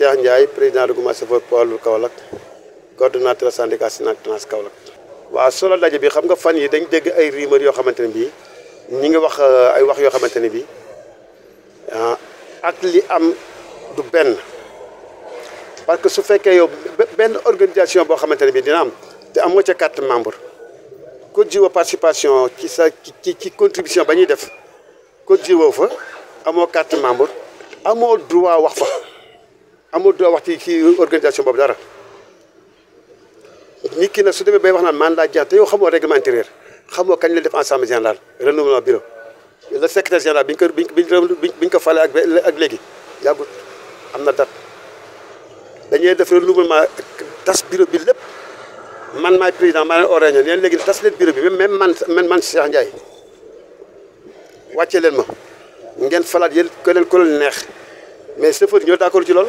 Cheikh Ndiaye président du groupement chauffeur lu lourds Kaolack coordonnateur syndicat Synac Trans Kaolack. waaw solo daje bi xam nga fan yi dañ dégg ay rumeur yoo xamante ne bii ñi ngi wax euh, ay wax yoo xamante ne bii ah, ak li am du benn parce que su fekkee yow benn organisation boo xamante ne bii dina am te amoo ca quatre membre ko jiwoo participation ci sa ci ci contribution ba ñuy def ko jiwoo fa amoo quatre membre amoo droit wax fa amul doo wax ci ci organisation boobu dara nit ki nag su demee bay wax naan man laa jeex te yow xamoo règlement intérieur xamoo kañ la def ensemble général renouvellement bureau le secrétaire général bi ñu ko bi ñu ko fale ak ak léegi yàggut am na date dañuy def renouvellement tas bureau bi lépp man maay président maa leen oréñal yéen léegi tas leen bureau bi même man man man Cheikh Ndiaye wàcce leen ma ngeen falaat yéen ko leen ko leen neex mais chauffeur ñoo d'accord ci lool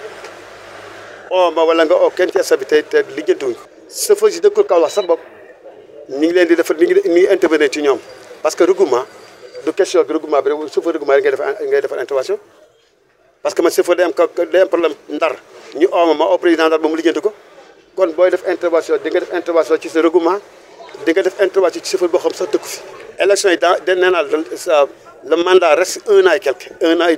oo ma wala nga oo kenn ci askan bi te te lijjantiwuñ chauffeur yi dëkkul Kaolack sax bopp ñu ngi leen di defar ñu ngi ñu ci ñoom parce que regroupement du question bi regroupement bi rek chauffeur regroupement rek intervention parce que man chauffeur day am problème ndar ñu ooma ma oo président ndar ba mu lijjanti ko kon booy def intervention di nga def intervention ci sa regroupement di nga def intervention ci chauffeur boo xam sax fi élection yi dans nee naa le mandat reste un an et quelque un an et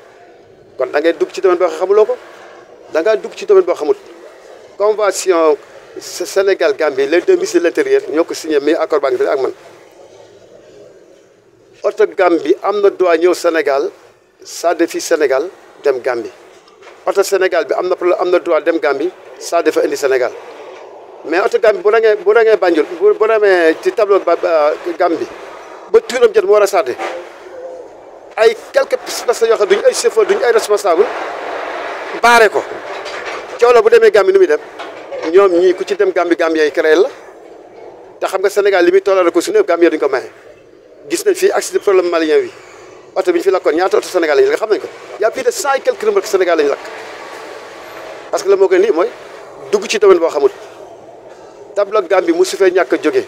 kon da ngay dugg ci domaine boo xamuloo ko da ngaa dugg ci domaine boo xamul convention Sénégal Gambie les deux ministres de l'intérieur ñoo ko signé mais accord baa ngi fi ak man oto Gambie am na droit ñëw Sénégal saa de fii Sénégal dem Gambie oto Sénégal bi am na am na droit dem Gambie saa de fa indi Sénégal mais oto Gambie bu ngay bu rangee Banjul bu bu demee ci tableau Gambie ba tuuram jot mu war a saa ay quelques personnes yoo xam duñ ay chauffeur duñ ay responsable baare ko coono bu demee Gambie nu muy dem ñoom ñii ku ci dem Gambie Gambie ay créé la te xam nga Sénégal li muy tolloo ko su ne Gambie duñ ko maye gis nañ fi accident problème malien bi oto bi ñu fi lakkoon ñaata oto Sénégal lañ la xam nañ ko y a plus de cent et quelques Sénégal lañ lakk parce que la moo gën lii mooy dugg ci domaine boo xamul tableau Gambie mu su fee ñàkk a jógee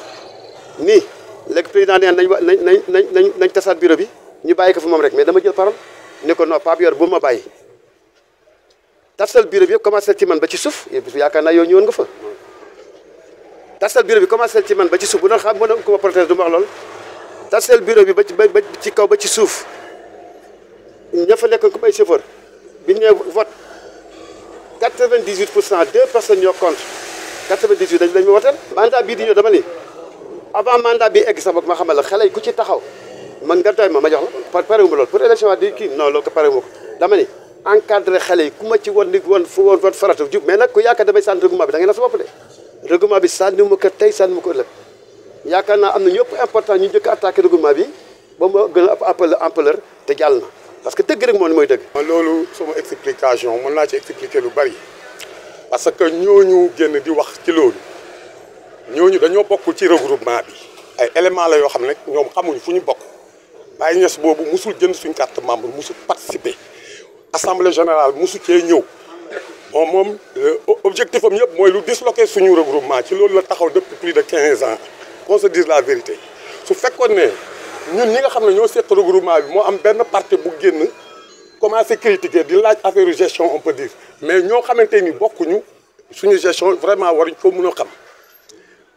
nii léegi président nee nañ nañ nañ nañ nañ tasaat bureau bi ñu bàyyi ko fi moom rek mais dama jël parole ne ko non Pape Yor bu ma bàyyi tasal bureau bi yëpp commencé ci man ba ci suuf yaakaar naa ñu ñëwoon nga fa. tasal bureau bi commencé ci man ba ci suuf bu doon xam bu doon ku ma protège du ma wax lool tasal bureau bi ba ci ba ci kaw ba ci suuf ña fa nekkoon comme ay chauffeur bi ñu nee vote 98 pour cent deux personnes ñoo contre 98 dañ dañ ma woteel mandat bii di ñëw dama ni. avant mandat bi egg sama ma xamal la xale yi ku ci taxaw man nga doy ma ma jox la pare ma loolu pour élection waa di kii non loolu pare ma ko ku ma ci wan ni woon fu woon mais nag ku yaakaar damay sànni règlement bi da ngay na sa naa am na ñëpp important ñu njëkk attaqué règlement bi ba mu gën a appel ampleur te jàll que dëgg rek moom mooy dëgg. loolu sama explication mën naa ci expliquer lu bari parce que ñu génn di wax ci loolu. ñooñu dañoo bokkul ci regroupement bi ay élément la yoo xam ne ñoom xamuñu fu ñu bokk Baye Niass boobu musul jënd suñ carte membre musul participer assemblée générale musu cee ñëw bon moom euh, objectif am yëpp mooy lu disloquer suñu regroupement ci loolu la taxaw depuis plus de 15 ans qu'on se dise la vérité su fekkoon ne ñun ñi nga xam ne ñoo seq regroupement bi moo am benn parti bu génn commencé critiquer di laaj affaire gestion on peut dire mais ñoo xamante ni bokkuñu suñu gestion vraiment waruñ ko mën a xam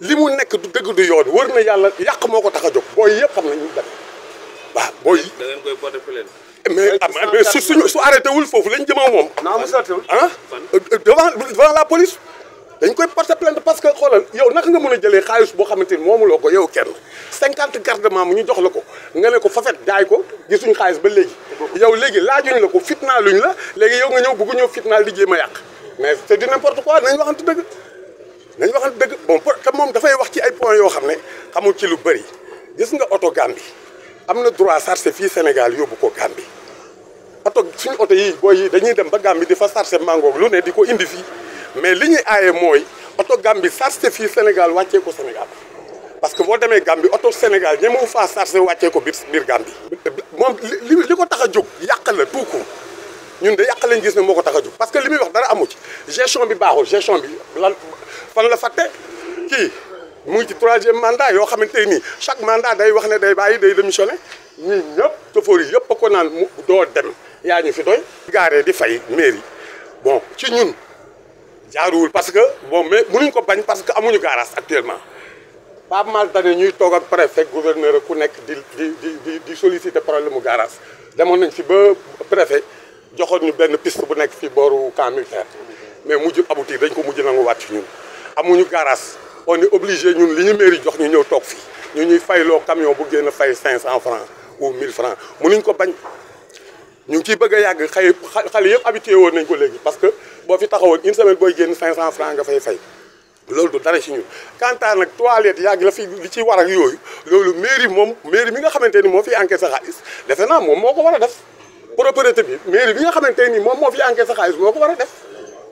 li mu nekk du dëgg du yoon wër na yàlla yàq moo ko tax a jóg booy yëpp xam nañu def waaw booy. da ngeen koy porté plainte mais ah, mais su suñu su arrêté wul foofu lañ jëma moom. naa mu sottiwul ah. Euh, euh, devant devant la police dañ koy porté plainte parce que xoolal yow naka nga mën a jëlee xaalis boo xamante ni moomuloo ko yow kenn cinquante gardement mu ñu jox la ko nga ne ko fafet jaay ko gisuñu xaalis ba léegi. yow léegi laajuñ la ko fitnaaluñ la léegi yow nga ñëw bëgg ñëw fitnaal di jéem a yàq mais c'est du n'importe quoi nañ dëgg nañ waxal dëgg bon te moom dafay wax ci ay point yoo xam ne xamul ci lu bëri gis nga oto Gambie am na droit charger fii Sénégal yóbbu ko Gambie oto suñu oto yi booy yi dañuy dem ba Gambie di fa charger mango lu ne di ko indi fii mais li ñuy aaye mooy oto Gambie charger fii Sénégal wàccee ko Sénégal parce que boo demee Gambie oto Sénégal ñemewu faa charger wàccee ko biir biir Gambie moom li li ko tax a jóg yàq la tout ñun de yàq lañ gis ne moo ko tax a jóg parce que li muy wax dara amu ci gestion bi baaxul gestion bi lan fan la fàtte ki mu ci 3e mandat yo xamanteni chaque mandat day wax né day bàyyi day démissioner ñi ñëpp chauffeur yi yëpp ko naan do dem yañu fi doy. gaaree di fay mairie bon ci ñun jaaruwul parce que bon mais mënuñ ko bañ parce que amuñu garage actuellement pas mal d'années ñuy toog ak préfet gouverneur ku nekk di di di di solliciter problème garage demoon nañ fi ba préfet joxoon ñu ben piste bu nekk fi boru camp militaire mais mu mujj aboutir dañ ko mu mujj nanguwaat ci ñun amuñu garage on est obligé ñun li ñu mairie jox ñu ñëw tok fi ñu ñuy fay lo camion bu génn fay 500 francs ou 1000 francs mënuñ ko bañ ñu ci bëgg a yàgg xëy xale yëpp habitué woon nañ ko légui parce que bo fi taxawoon une semaine boy génn 500 francs nga fay fay loolu du dara ci ñun quant à nag toilette yàgg la fi li ci war ak yoy loolu mairie mom mairie mi nga xamanteni mo fi enquête sa xalis defe naa moom moo ko def propriété bi mairie bi nga xamanteni mom mo fi enquête sa xalis moko wara def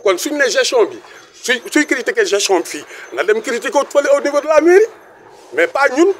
kon suñu ne gestion bi je suis critiquer gestion bi fii na dem critiquer au niveau de la mairie mais pas ñun.